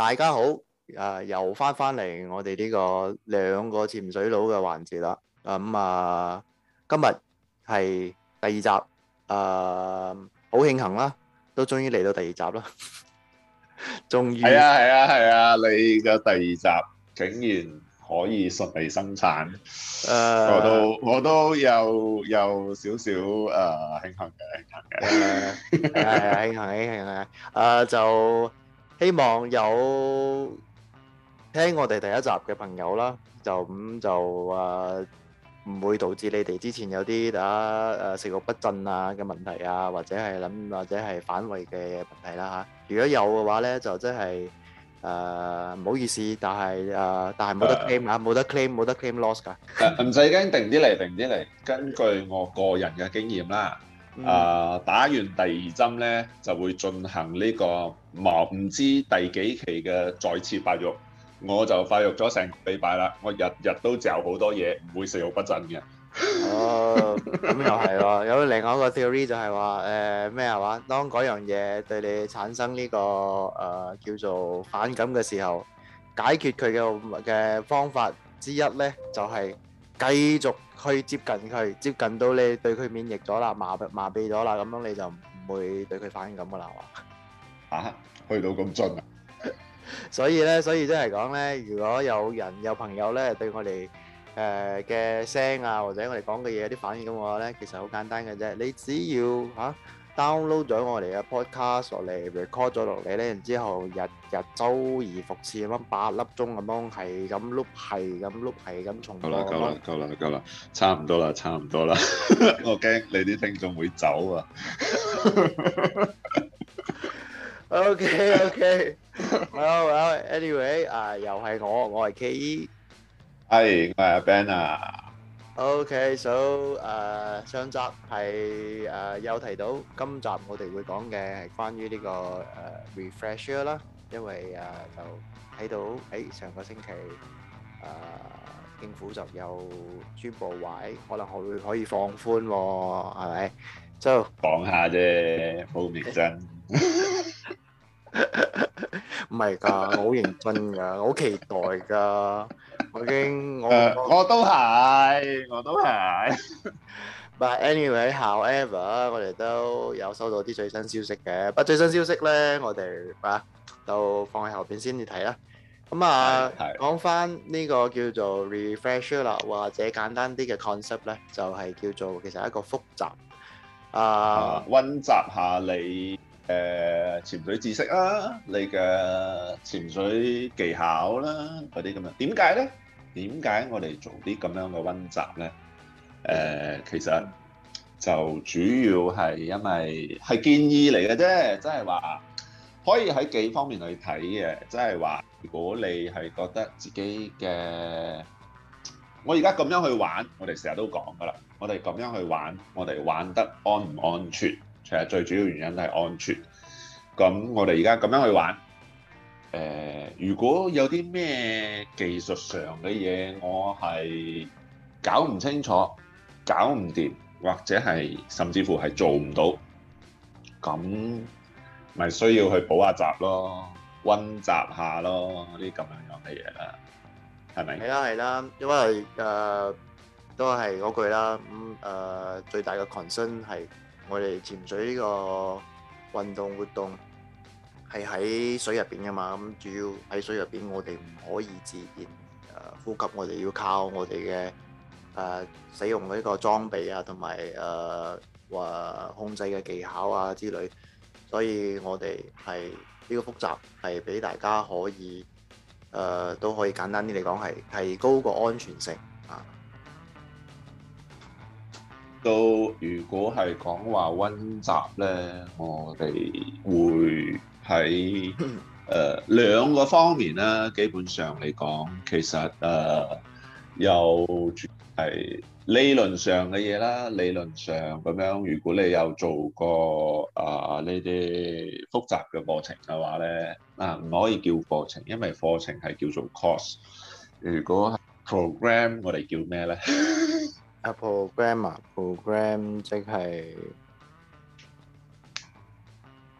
大家好，啊又翻翻嚟，我哋呢個兩個潛水佬嘅環節啦，咁啊今日係第二集，啊好慶幸啦，都終於嚟到第二集啦，終於係啊係啊係啊你嘅第二集竟然可以順利生產，誒我都我都有有少少誒慶幸嘅，誒係啊慶幸慶幸啊，誒就。希望有聽我哋第一集嘅朋友啦，就咁就誒唔會導致你哋之前有啲啊誒食欲不振啊嘅問題啊，或者係諗或者係反胃嘅問題啦吓。如果有嘅話咧，就真係誒唔好意思，但係誒但係冇得 claim 啊，冇得 claim，冇得 claim loss 噶。唔使驚，定啲嚟，定啲嚟。根據我個人嘅經驗啦。啊！嗯、打完第二針咧，就會進行呢、這個冇唔知第幾期嘅再次發育。我就發育咗成個禮拜啦，我日日都嚼好多嘢，唔會食慾不振嘅。哦，咁又係咯。 有另外一個 theory 就係、是、話，咩係嘛？當嗰樣嘢對你產生呢、這個、呃、叫做反感嘅時候，解決佢嘅嘅方法之一咧，就係、是。繼續去接近佢，接近到你對佢免疫咗啦，麻麻痹咗啦，咁樣你就唔會對佢反應咁噶啦，哇！嚇，去到咁盡啊！所以咧，所以即係講咧，如果有人有朋友咧對我哋誒嘅聲啊，或者我哋講嘅嘢有啲反應咁嘅話咧，其實好簡單嘅啫，你只要嚇。download 咗我哋嘅 podcast 落嚟 record 咗落嚟咧，然之後日日周而復始咁樣八粒鐘咁樣係咁 loop 係咁 loop 係咁重複。夠啦夠啦夠啦夠啦，差唔多啦差唔多啦。我驚你啲聽眾會走啊。OK OK。Well well anyway 啊，又係我，我係 K。Hi，我係阿 Ben 啊。Okay，so 誒上集係誒有提到，今集我哋會講嘅係關於呢個誒 refresher 啦，因為誒就睇到誒上個星期誒政府就有宣布話誒可能會可以放寬喎，係咪？就講下啫，冇認真，唔係㗎，我好認真㗎，我好期待㗎。我已經，我我都係，我都係。But anyway, however，我哋都有收到啲最新消息嘅。但最新消息咧，我哋啊，就放喺後邊先至睇啦。咁啊，講翻呢個叫做 refresh 啦，或者簡單啲嘅 concept 咧，就係叫做其實一個複習啊，溫習下你。誒潛水知識啦，你嘅潛水技巧啦，嗰啲咁樣，點解咧？點解我哋做啲咁樣嘅温習咧？誒，其實就主要係因為係建議嚟嘅啫，即係話可以喺幾方面去睇嘅，即係話如果你係覺得自己嘅，我而家咁樣去玩，我哋成日都講噶啦，我哋咁樣去玩，我哋玩得安唔安全？其實最主要原因係安全。咁我哋而家咁樣去玩，誒、呃、如果有啲咩技術上嘅嘢，我係搞唔清楚、搞唔掂，或者係甚至乎係做唔到，咁咪需要去補下習咯、温習一下咯，啲咁樣樣嘅嘢啦，係咪？係啦係啦，因為誒、呃、都係嗰句啦，咁、呃、誒最大嘅 concern 係。我哋潛水呢個運動活動係喺水入邊㗎嘛，咁主要喺水入邊，我哋唔可以自然、呃、呼吸，我哋要靠我哋嘅誒使用呢個裝備啊，同埋誒話控制嘅技巧啊之類，所以我哋係呢個複雜，係俾大家可以誒、呃、都可以簡單啲嚟講，係提高個安全性啊。都如果係講話溫習咧，我哋會喺誒兩個方面啦。基本上嚟講，其實誒又係理論上嘅嘢啦，理論上咁樣。如果你有做過啊呢啲複雜嘅課程嘅話咧，啊唔可以叫課程，因為課程係叫做 course。如果係 program，我哋叫咩咧？Apple grammar program 即係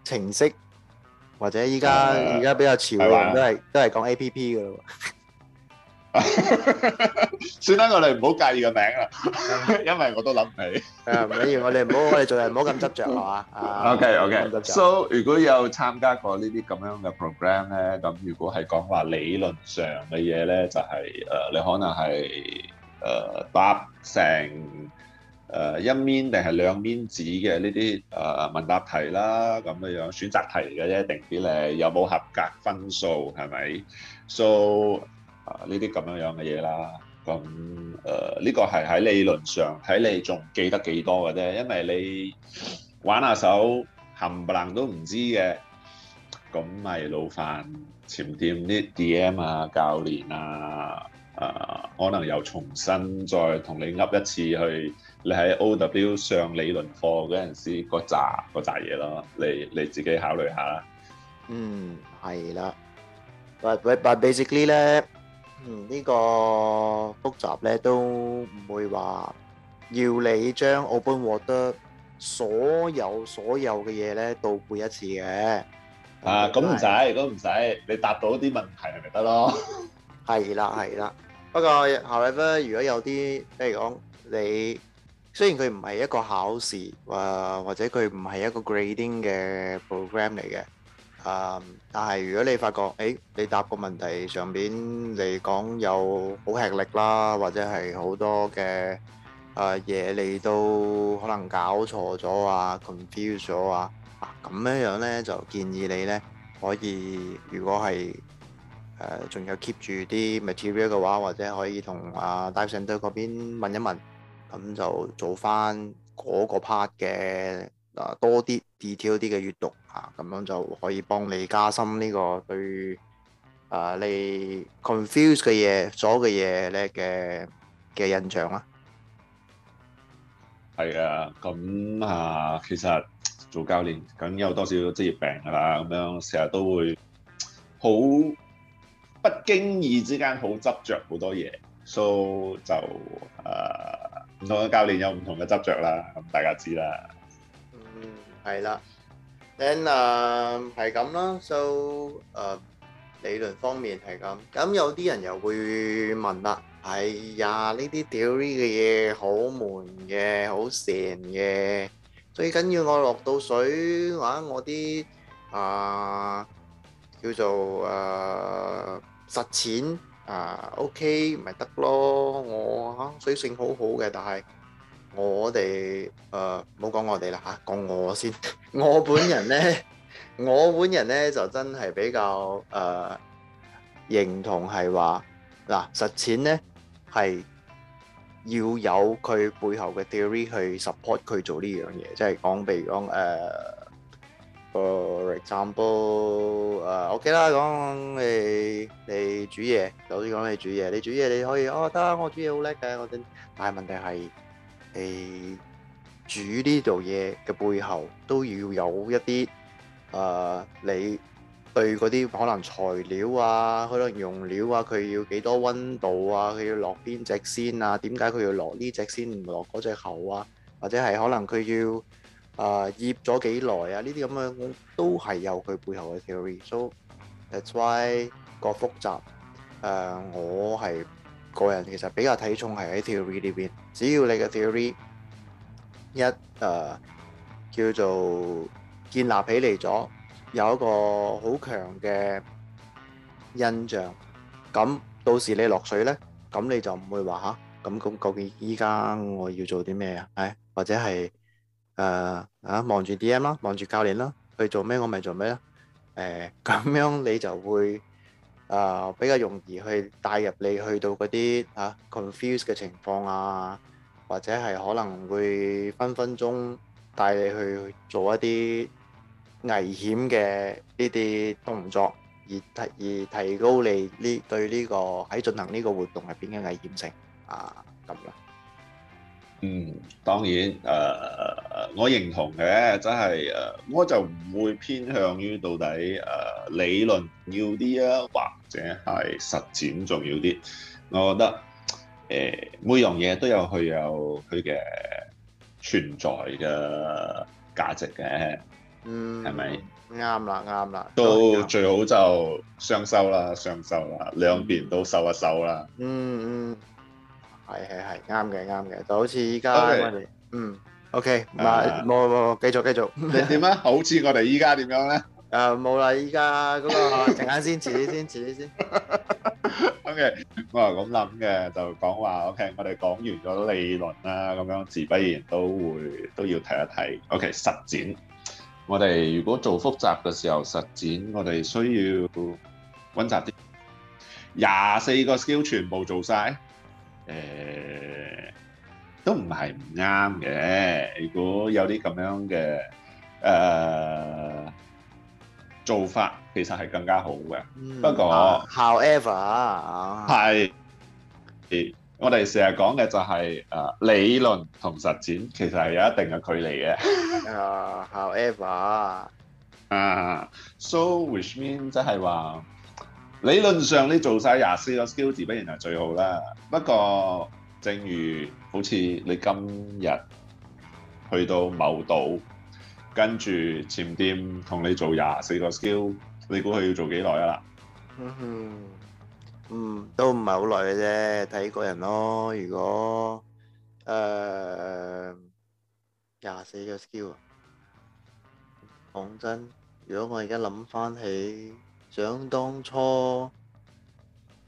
程式，或者依家依家比較潮流都係都係講 A P P 噶咯。算啦，我哋唔好介意個名啦，因為我都諗唔起。啊，比如我哋唔好，我哋做人唔好咁執着係嘛。OK OK。So 如果有參加過呢啲咁樣嘅 program 咧，咁如果係講話理論上嘅嘢咧，就係誒，你可能係。誒答成誒一面定係兩面紙嘅呢啲誒問答題啦，咁樣樣選擇題嘅啫，定俾你有冇合格分數係咪？So 呢啲咁樣樣嘅嘢啦，咁誒呢個係喺理論上，喺你仲記得幾多嘅啫，因為你玩下手冚唪唥都唔知嘅，咁咪老犯潛店啲 DM 啊、教練啊。可能又重新再同你噏一次，去你喺 OW 上理論課嗰陣時個集個集嘢咯，你你自己考慮下。嗯，係啦。But but basically 咧，嗯，呢個複習咧都唔會話要你將 Open Water 所有所有嘅嘢咧倒背一次嘅。啊，咁唔使，如果唔使，你答到啲問題咪得咯。係啦，係啦。不過，however，如果有啲，譬如講你，雖然佢唔係一個考試，或或者佢唔係一個 grading 嘅 program 嚟嘅，啊，但係如果你發覺，誒，你答個問題上邊嚟講有好吃力啦，或者係好多嘅啊嘢，你都可能搞錯咗啊，confuse 咗啊，咁樣樣咧就建議你咧可以，如果係。誒，仲、呃、有 keep 住啲 material 嘅話，或者可以同阿 Dive、啊、Centre 嗰邊問一問，咁就做翻嗰個 part 嘅啊多啲 detail 啲嘅閱讀嚇，咁、啊、樣就可以幫你加深呢個對啊你 confuse 嘅嘢，所有嘅嘢咧嘅嘅印象啦。係啊，咁啊，其實做教練梗有多少職業病噶啦，咁樣成日都會好。不經意之間好執著好多嘢，so 就誒唔同嘅教練有唔同嘅執著啦，咁大家知啦。嗯，係啦，and 係咁啦，so 誒理論方面係咁，咁有啲人又會問啦，哎呀，呢啲屌呢嘅嘢好悶嘅，好邪嘅，最緊要我落到水玩我啲啊叫做誒。實踐啊，OK，咪得咯。我水性好好嘅，但係我哋唔好講我哋啦嚇，講我先。 我本人咧， 我本人咧就真係比較誒認、呃、同係話嗱，實踐咧係要有佢背後嘅 theory 去 support 佢做呢樣嘢，即係講譬如講誒。呃 For example，誒、uh, OK 啦、uh, like oh, okay, really，講你你煮嘢，老師講你煮嘢，你煮嘢你可以哦得，我煮嘢好叻嘅，我真。但係問題係、uh, uh, like,，誒煮呢度嘢嘅背後都要有一啲誒你對嗰啲可能材料啊，可能用料啊，佢要幾多溫度啊，佢要落邊隻先啊？點解佢要落呢隻先唔落嗰隻後啊？或者係可能佢要。啊，醃咗幾耐啊？呢啲咁樣都係有佢背後嘅 theory，so that's why 個複雜。誒，我係個人其實比較睇重係喺 theory 呢邊。只要你嘅 theory 一誒叫做建立起嚟咗，有一個好強嘅印象，咁到時你落水咧，咁你就唔會話嚇，咁咁究竟依家我要做啲咩啊？誒，或者係。誒啊，望住 DM 啦，望住教練啦，去做咩我咪做咩咯。誒，咁樣你就會誒比較容易去帶入你去到嗰啲吓 confuse 嘅情況啊，或者係可能會分分鐘帶你去做一啲危險嘅呢啲動作，而提而提高你呢對呢個喺進行呢個活動入邊嘅危險性啊咁樣。嗯，當然，誒、呃，我認同嘅，真係誒，我就唔會偏向於到底誒、呃、理論要啲啊，或者係實踐重要啲。我覺得誒、呃、每樣嘢都有佢有佢嘅存在嘅價值嘅，嗯，係咪吧？啱啦，啱啦，都最好就雙收啦，雙收啦，兩邊都收一收啦。嗯嗯。嗯。係係係，啱嘅啱嘅，就好似依家，嗯，OK，唔係，冇冇冇，繼續繼續。你點啊？好似我哋依家點樣咧？誒，冇啦，依家嗰個陣間先，遲啲先，遲啲先。OK，我係咁諗嘅，就講話，OK，我哋講完咗理論啦，咁樣自不然都會都要睇一睇。OK，實踐，我哋如果做復習嘅時候，實踐我哋需要溫習啲廿四個 skill，全部做晒。誒都唔係唔啱嘅，如果有啲咁樣嘅誒做法，其實係更加好嘅。不過，however，係我哋成日講嘅就係誒理論同實踐其實係有一定嘅距離嘅。啊，however，啊，so which means 即係話。理論上你做晒廿四個 skill，自不然係最好啦。不過正如好似你今日去到某島，跟住潛店同你做廿四個 skill，你估佢要做幾耐啊？啦、嗯，嗯，都唔係好耐嘅啫，睇個人咯。如果誒廿四個 skill，講真，如果我而家諗翻起。想當初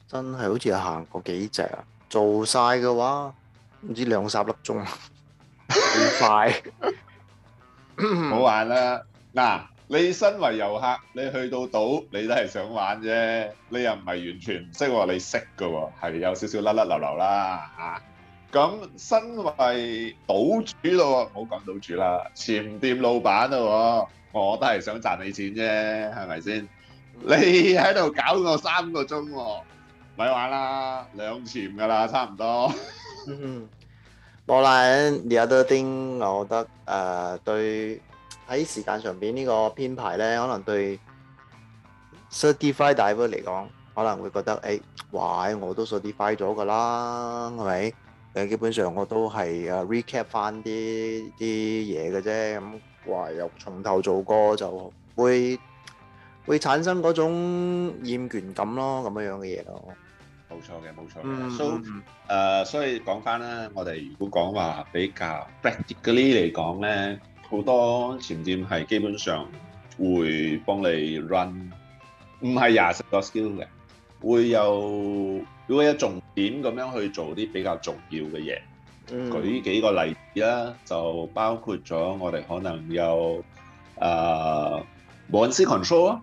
真係好似行過幾隻啊！做晒嘅話唔知兩三粒鐘好快，唔好 玩啦！嗱、啊，你身為遊客，你去到島，你都係想玩啫。你又唔係完全唔識，話你識嘅係有少少甩甩流流啦咁、啊、身為島主咯，唔好講島主啦，潛店老闆咯，我都係想賺你錢啫，係咪先？你喺度搞我三個鐘喎，咪玩啦，兩潛噶啦，差唔多。無論有啲啲，我覺得誒對喺時間上邊呢個編排咧，可能對 certified diver 嚟講，可能會覺得誒，哇我都 certify 咗噶啦，係咪？誒基本上我都係誒 recap 翻啲啲嘢嘅啫，咁話又從頭做過就會，會產生嗰種厭倦感咯，咁樣樣嘅嘢咯。冇錯嘅，冇錯嘅。So 誒，所以講翻啦，我哋如果講話比較 practically 嚟講咧，好多潛店係基本上會幫你 run，唔係廿十個 skill 嘅，會有會有重點咁樣去做啲比較重要嘅嘢。舉幾個例子啦，就包括咗我哋可能有誒 motion control 啊。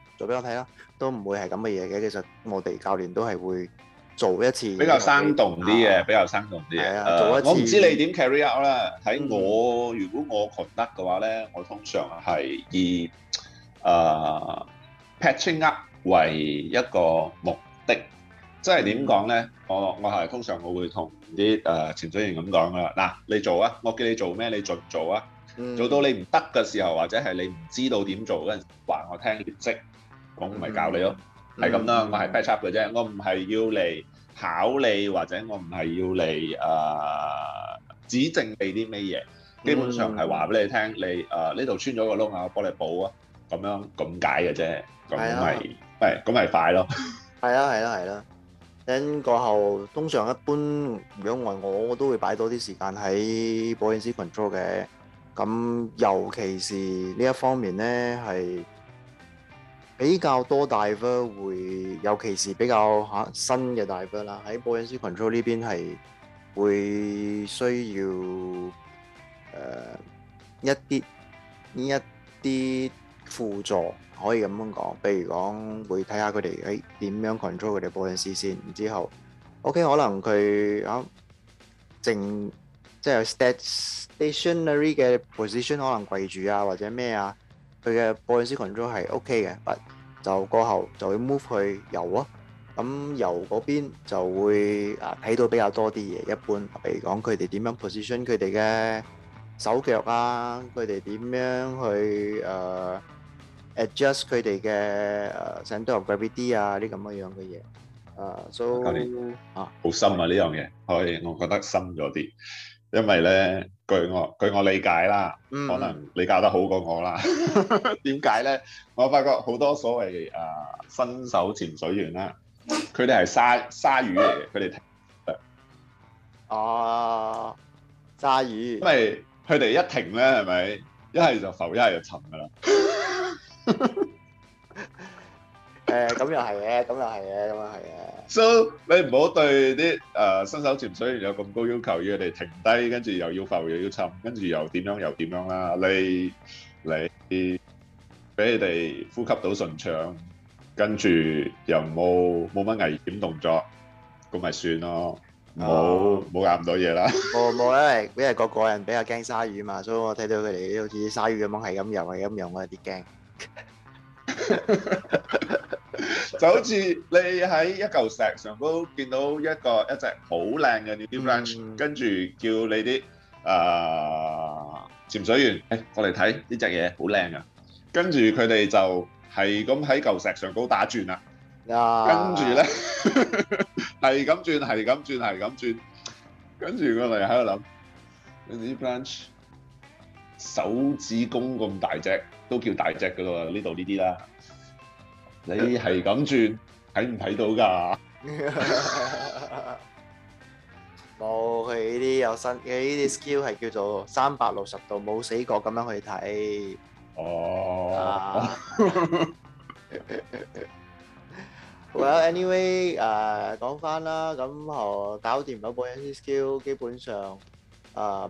做俾我睇啦，都唔會係咁嘅嘢嘅。其實我哋教練都係會做一次比較生動啲嘅，比較生動啲嘅。做一次我唔知你點 carry out 啦。睇我，如果我 conduct 嘅話咧，我通常係以啊 patching up 為一個目的。即係點講咧？我我係通常我會同啲誒潛水員咁講噶啦。嗱，你做啊，我叫你做咩你盡做啊。做到你唔得嘅時候，或者係你唔知道點做嗰陣，話我聽結息。咁咪教你咯，係咁啦，我係 back up 嘅啫，我唔係要嚟考你或者我唔係要嚟誒指正你啲咩嘢，基本上係話俾你聽，你誒呢度穿咗個窿啊，我幫你補啊，咁樣咁解嘅啫，咁咪咪咁咪快咯。係啦係啦係啦，等過後通常一般如果外我我都會擺多啲時間喺保險絲群組嘅，咁尤其是呢一方面咧係。比較多 diver 尤其是比較、啊、新嘅 diver 啦、啊，喺 buoyancy control 呢邊係會需要、呃、一啲呢一啲輔助，可以咁樣講。譬如講會睇下佢哋喺點樣 control 佢哋 buoyancy 先。然之後 OK 可能佢啱靜即係有 stationary 嘅 position 可能跪住啊，或者咩啊？佢嘅 buoyancy control 係 OK 嘅，but 就過後就會 move 去遊咯。咁遊嗰邊就會啊，睇到比較多啲嘢，一般例如講佢哋點樣 position 佢哋嘅手腳啊，佢哋點樣去誒 adjust 佢哋嘅誒 centre of gravity 啊啲咁樣樣嘅嘢。誒，都啊，好深啊呢樣嘢，我我覺得深咗啲，因為咧。據我據我理解啦，可能你教得好過我啦。點解咧？我發覺好多所謂誒、啊、新手潛水員啦，佢哋係鯊鯊魚嚟嘅，佢哋停。哦，鯊魚。因為佢哋一停咧，係咪一係就浮，一係就沉㗎啦？誒、 欸，咁又係嘅，咁又係嘅，咁又係嘅。嗯嗯嗯嗯嗯。So，你唔好對啲誒新手潛水員有咁高要求，要佢哋停低，跟住又要浮又要沉，跟住又點樣又點樣啦？你你俾佢哋呼吸到順暢，跟住又冇冇乜危險動作，咁咪算咯。冇冇教咁多嘢啦。冇冇，因為因為個個人比較驚鯊魚嘛，所以我睇到佢哋好似鯊魚咁樣係咁遊係咁遊，我有啲驚。就好似你喺一嚿石上高見到一個一隻好靚嘅 nudibranch，跟住叫你啲啊潛水員誒過嚟睇呢隻嘢好靚啊，跟住佢哋就係咁喺嚿石上高打轉啦，啊，跟住咧係咁轉係咁轉係咁轉，跟住我哋喺度諗 nudibranch 手指公咁大隻都叫大隻噶啦，呢度呢啲啦。你係咁轉睇唔睇到㗎？冇，佢呢啲有新嘅呢啲 skill 係叫做三百六十度冇死角咁樣去睇。哦。Well, anyway，誒講翻啦，咁我搞掂咗嗰啲 skill，基本上誒。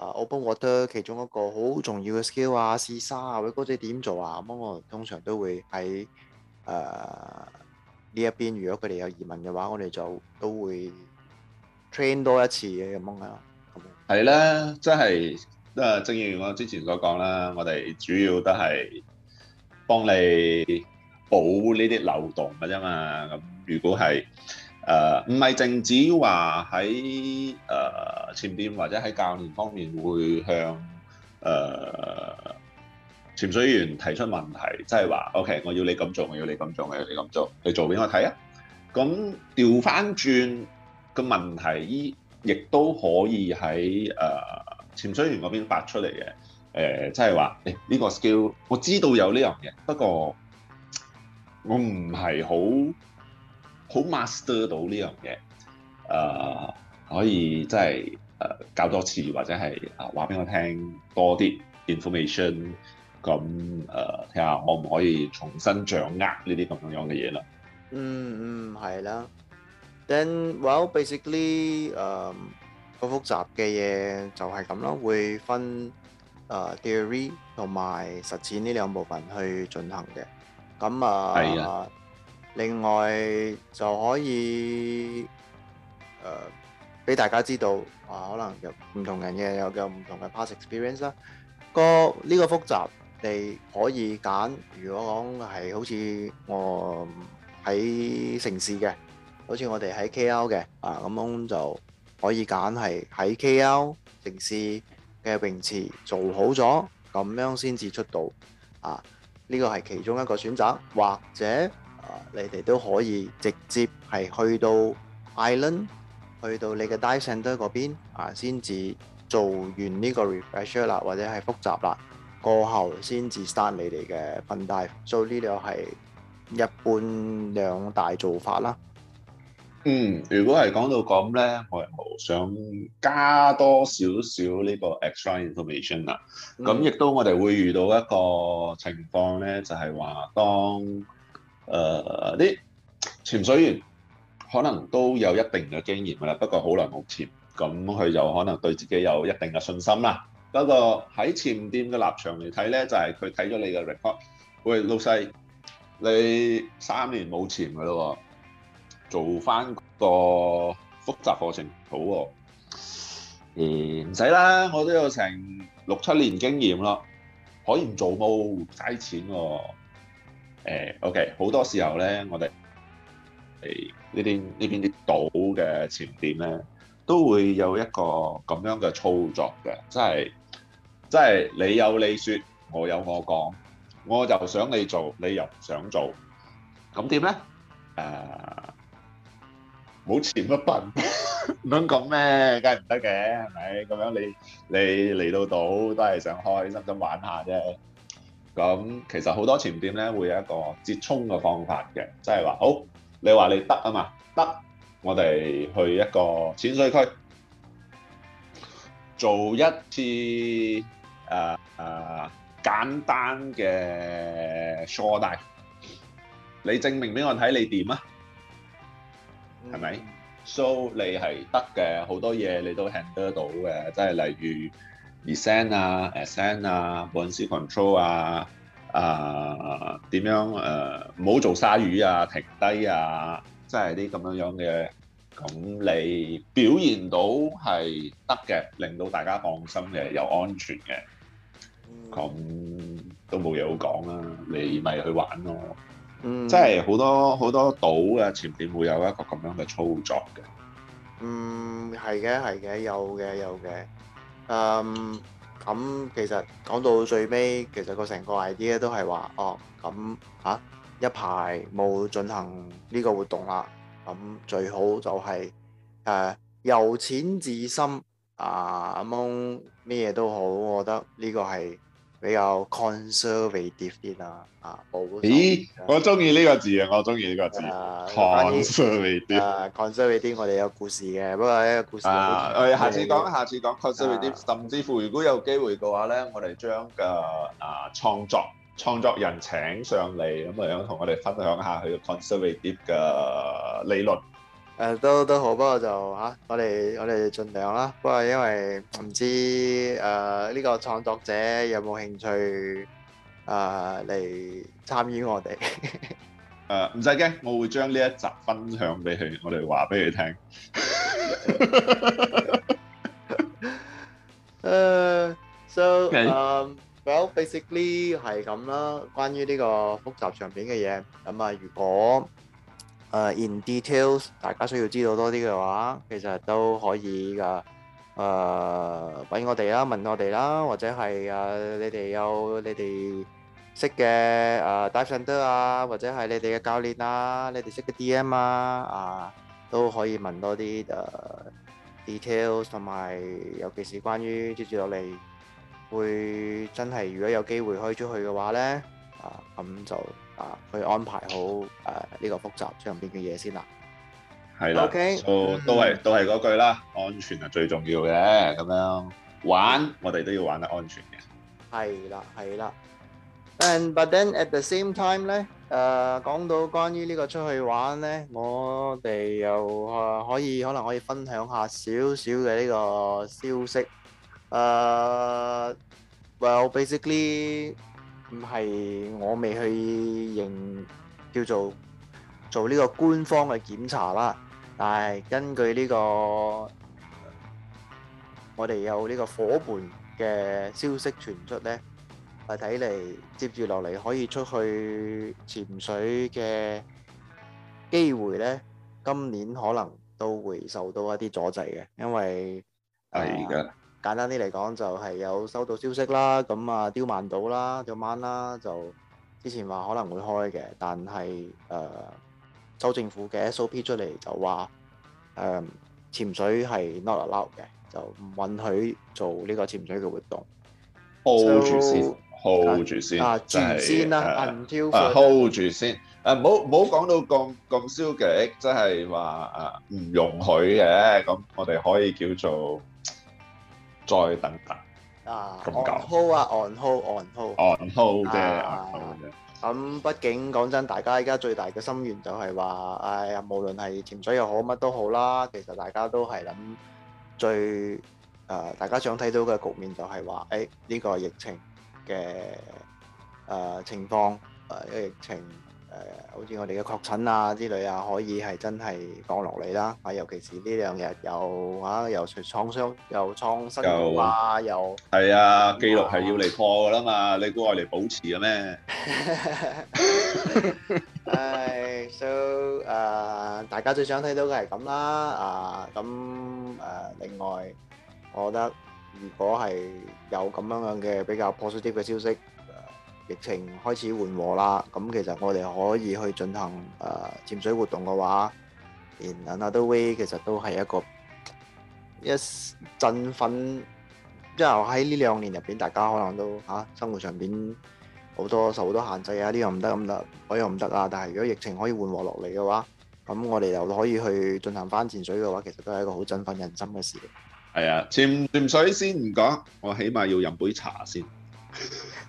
啊！我幫我得其中一個好重要嘅 skill 啊，試沙啊，或者嗰啲點做啊？咁我通常都會喺誒呢一邊，如果佢哋有疑問嘅話，我哋就都會 train 多一次嘅咁樣。係啦，即係誒，正如我之前所講啦，我哋主要都係幫你補呢啲漏洞嘅啫嘛。咁如果係，誒唔係淨止話喺誒潛店或者喺教練方面會向誒、uh, 潛水員提出問題，即係話 OK，我要你咁做，我要你咁做，我要你咁做，你做俾我睇啊！咁調翻轉個問題，依亦都可以喺誒、uh, 潛水員嗰邊發出嚟嘅。誒、uh,，即係話誒呢個 skill，我知道有呢樣嘢，不過我唔係好好 master 到呢樣嘢，誒、呃、可以即係誒教多次或者係誒話俾我聽多啲 information，咁誒睇下可唔可以重新掌握呢啲咁樣嘅嘢啦。嗯嗯，係啦。Then well basically 誒、呃，好複雜嘅嘢就係咁啦，嗯、會分誒 theory 同埋實踐呢兩部分去進行嘅。咁啊。呃另外就可以誒俾大家知道，啊可能有唔同人嘅有有唔同嘅 past experience，啦。個呢個複習，你可以揀。如果講係好似我喺城市嘅，好似我哋喺 KL 嘅啊，咁樣就可以揀係喺 KL 城市嘅泳池做好咗，咁樣先至出道啊。呢個係其中一個選擇，或者。你哋都可以直接係去到 island，去到你嘅 dive centre 嗰邊啊，先至做完呢個 refresher 啦，或者係複習啦，過後先至 start 你哋嘅 fun dive。So 呢度係一般兩大做法啦。嗯，如果係講到咁咧，我又想加多少少呢個 extra information 啦。咁亦、嗯、都我哋會遇到一個情況咧，就係、是、話當誒啲、呃、潛水員可能都有一定嘅經驗啦，不過好耐冇潛，咁佢就可能對自己有一定嘅信心啦。不過喺潛店嘅立場嚟睇咧，就係佢睇咗你嘅 report，喂老細，你三年冇潛嘅咯，做返個複習課程好喎。誒？唔使啦，我都有成六七年經驗咯，可以唔做冇嘥錢喎。誒 OK，好多時候咧，我哋誒呢邊呢邊啲島嘅潛點咧，都會有一個咁樣嘅操作嘅，即係即係你有你説，我有我講，我就想你做，你又唔想做，咁點咧？誒，冇潛乜笨，想講咩？梗係唔得嘅，係咪？咁樣你你嚟到島都係想開心咁玩下啫。咁其實好多潛店咧會有一個折衷嘅方法嘅，即係話好，你話你得啊嘛，得，我哋去一個淺水區做一次誒誒簡單嘅 show 帶，你證明俾我睇你點啊，係咪？So 你係得嘅，好多嘢你都 handle 到嘅，即係例如。Descend 啊，ascend 啊，buoyancy control 啊，啊，點、呃、樣誒？唔、呃、好做鯊魚啊，停低啊，即係啲咁樣樣嘅，咁你表現到係得嘅，令到大家放心嘅，又安全嘅，咁、嗯、都冇嘢好講啦，你咪去玩咯。即係好多好多島啊前邊會有一個咁樣嘅操作嘅。嗯，係嘅，係嘅，有嘅，有嘅。Um, 嗯，咁其實講到最尾，其實個成個 idea 都係話，哦，咁、嗯、嚇、啊、一排冇進行呢個活動啦，咁、嗯、最好就係、是、誒、啊、由淺至深啊，咩嘢都好，我覺得呢個係。比較 conservative 啲啦，啊，咦，我中意呢個字啊，我中意呢個字、uh，conservative，conservative，uh, 我哋有故事嘅，不過呢個故事我我，啊，誒，下次講，下次講 conservative，uh, 甚至乎如果有機會嘅話咧，我哋將個啊、uh, 創作創作人請上嚟，咁啊想同我哋分享下佢嘅 conservative 嘅理論。誒，都都好，不過就吓，我哋我哋盡量啦。不過因為唔知誒呢個創作者有冇興趣誒嚟參與我哋。誒，唔使驚，我會將呢一集分享俾佢，我哋話俾佢聽。誒，so，嗯，well basically 係咁啦。關於呢個複習上邊嘅嘢，咁啊如果。誒，in details，大家需要知道多啲嘅話，其實都可以噶，誒，揾我哋啦，問我哋啦，或者係誒，你哋有你哋識嘅誒 Dive Centre 啊，或者係你哋嘅教練啊，你哋識嘅 DM 啊，啊，都可以問多啲誒 details，同埋尤其是關於接住落嚟，會真係如果有機會開出去嘅話咧，啊，咁就～啊，去安排好誒呢個複雜上面嘅嘢先啦。係啦。OK，哦，都係都係嗰句啦，安全係最重要嘅。咁樣玩，我哋都要玩得安全嘅。係啦，係啦。And but then at the same time 咧，誒，講到關於呢個出去玩咧，我哋又誒可以可能可以分享下少少嘅呢個消息。誒，Well basically. 唔係我未去認叫做做呢個官方嘅檢查啦，但係根據呢個我哋有呢個夥伴嘅消息傳出呢，係睇嚟接住落嚟可以出去潛水嘅機會呢，今年可能都會受到一啲阻滯嘅，因為係噶。.簡單啲嚟講，就係有收到消息啦，咁啊，刁曼島啦，咁晚啦，就之前話可能會開嘅，但係誒州政府嘅 SOP 出嚟就話誒潛水係 not allowed 嘅，就唔允許做呢個潛水嘅活動。hold 住先，hold 住先啊，住先啦，銀條啊，hold 住先，誒唔好唔好講到咁咁消極，即係話誒唔容許嘅，咁我哋可以叫做。再等等啊！on hold 啊，on hold，on hold，on hold 啫。咁畢竟講真，大家依家最大嘅心願就係話，哎呀，無論係潛水又好乜都好啦。其實大家都係諗最誒，大家想睇到嘅局面就係話，誒呢個疫情嘅誒情況，誒疫情。誒，好似我哋嘅確診啊之類啊，可以係真係降落嚟啦。啊，尤其是呢兩日又嚇，又創傷，又創新，又話又，係啊，記錄係要嚟破㗎啦嘛，你估我嚟保持嘅咩？係，so 誒，大家最想睇到嘅係咁啦。啊，咁誒，另外，我覺得如果係有咁樣樣嘅比較 positive 嘅消息。疫情開始緩和啦，咁其實我哋可以去進行誒、呃、潛水活動嘅話，In，Another Way 其實都係一個一、yes, 振奮，因為喺呢兩年入邊，大家可能都嚇、啊、生活上邊好多受好多限制啊，呢、呢個唔得咁得，嗰樣唔得啊。但係如果疫情可以緩和落嚟嘅話，咁我哋又可以去進行返潛水嘅話，其實都係一個好振奮人心嘅事。係啊，潛潛水先唔講，我起碼要飲杯茶先。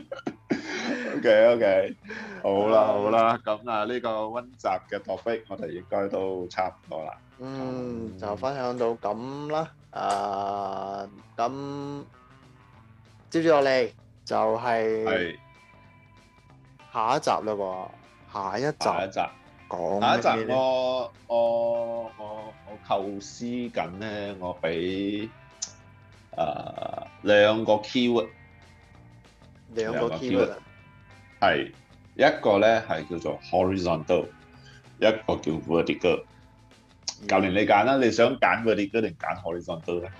o okay, O.K. 好啦好啦，咁啊，呢個溫習嘅 topic 我哋應該都差唔多啦。嗯，就分享到咁啦。誒、嗯，咁、啊、接住落嚟就係、是、下一集啦喎。下一集，下一集。講咩？下一集我我我我構思緊咧，我俾誒兩個 keyword，兩個 keyword。係一個咧係叫做 horizontal，一個叫 vertical。教練你揀啦，你想揀 vertical 定揀 horizontal 咧？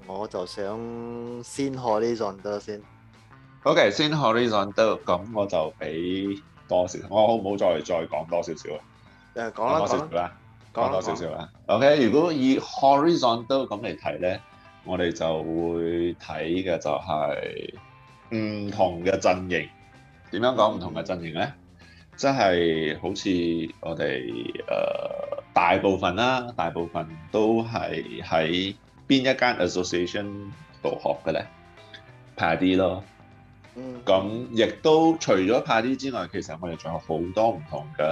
誒，我就想先 horizontal 先。OK，先 horizontal，咁我就俾多少，我好唔好再再講多少少啊？誒，講多少少啦，講多少少啦，講多少少啦。OK，如果以 horizontal 咁嚟睇咧，我哋就會睇嘅就係。唔同嘅陣營，點樣講唔同嘅陣營咧？即、就、係、是、好似我哋誒、呃、大部分啦，大部分都係喺邊一間 association 度學嘅咧，派啲咯。咁亦、嗯、都除咗派啲之外，其實我哋仲有好多唔同嘅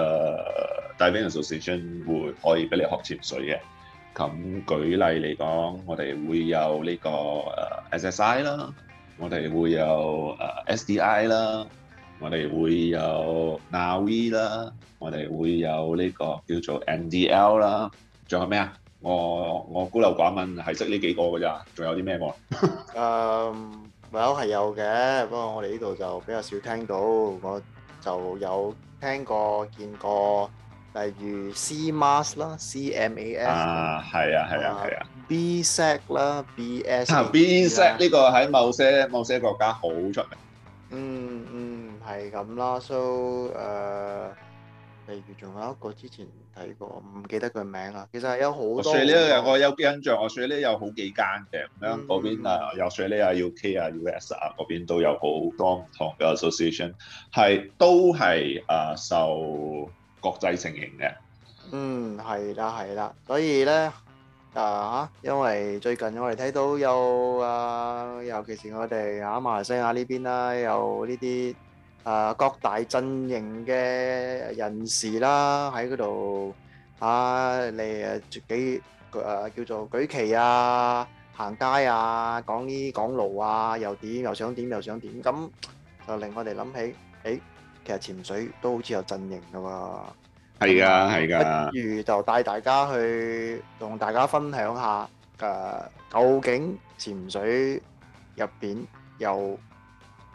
diving association 會可以俾你學潛水嘅。咁舉例嚟講，我哋會有呢個誒 SSI 啦。我哋會有 SDI 啦，我哋會有 Navi 啦，我哋會有呢個叫做 NDL 啦，仲有咩啊？我我孤陋寡聞，係識呢幾個㗎咋？仲有啲咩喎？嗯，Well 係有嘅，不過我哋呢度就比較少聽到，我就有聽過見過，例如 CMAS 啦，CMAS 啊，係啊，係啊，係啊。BSEC 啦，BSB 啦，BSEC 呢個喺某些某些國家好出名。嗯嗯，係咁啦。So 誒、呃，例如仲有一個之前睇過，唔記得佢名啦。其實有好多，多，水呢有我有印象，我水呢有好幾間嘅。咁樣嗰邊啊，有水呢啊，UK 啊 US 啊，嗰邊都有好多唔同嘅 association，係都係誒、呃、受國際承認嘅。嗯，係啦，係啦，所以咧。啊，因為最近我哋睇到有啊，尤其是我哋啊馬來西亞呢邊啦、啊，有呢啲啊各大陣營嘅人士啦，喺嗰度啊嚟自己啊叫做舉旗啊、行街啊、講呢講路啊，又點又想點又想點，咁就令我哋諗起，誒、欸、其實潛水都好似有陣營㗎喎、啊。係噶，係噶。是的不如就帶大家去同大家分享一下，誒、啊，究竟潛水入邊有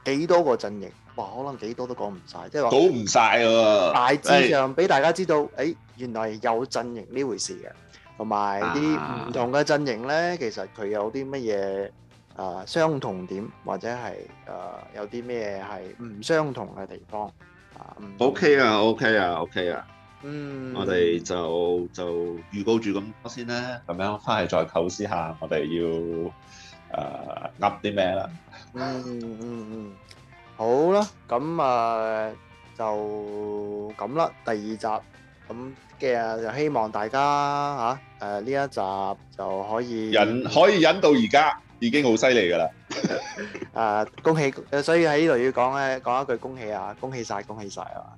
幾多個陣營？哇，可能幾多都講唔晒，即係話講唔晒喎。大致上俾的大家知道，誒、哎，原來有陣營呢回事嘅，些同埋啲唔同嘅陣營咧，啊、其實佢有啲乜嘢誒相同點，或者係誒、啊、有啲咩係唔相同嘅地方啊？OK 啊，OK 啊，OK 啊。Okay 啊 okay 啊嗯，我哋就就預告住咁多先啦，咁樣翻去再構思下，我哋要誒噏啲咩啦？嗯嗯嗯，好啦，咁啊就咁啦，第二集咁嘅，就希望大家吓誒呢一集就可以忍，可以忍到而家已經好犀利噶啦。誒，恭喜，所以喺呢度要講咧，講一句恭喜啊，恭喜晒，恭喜晒啊！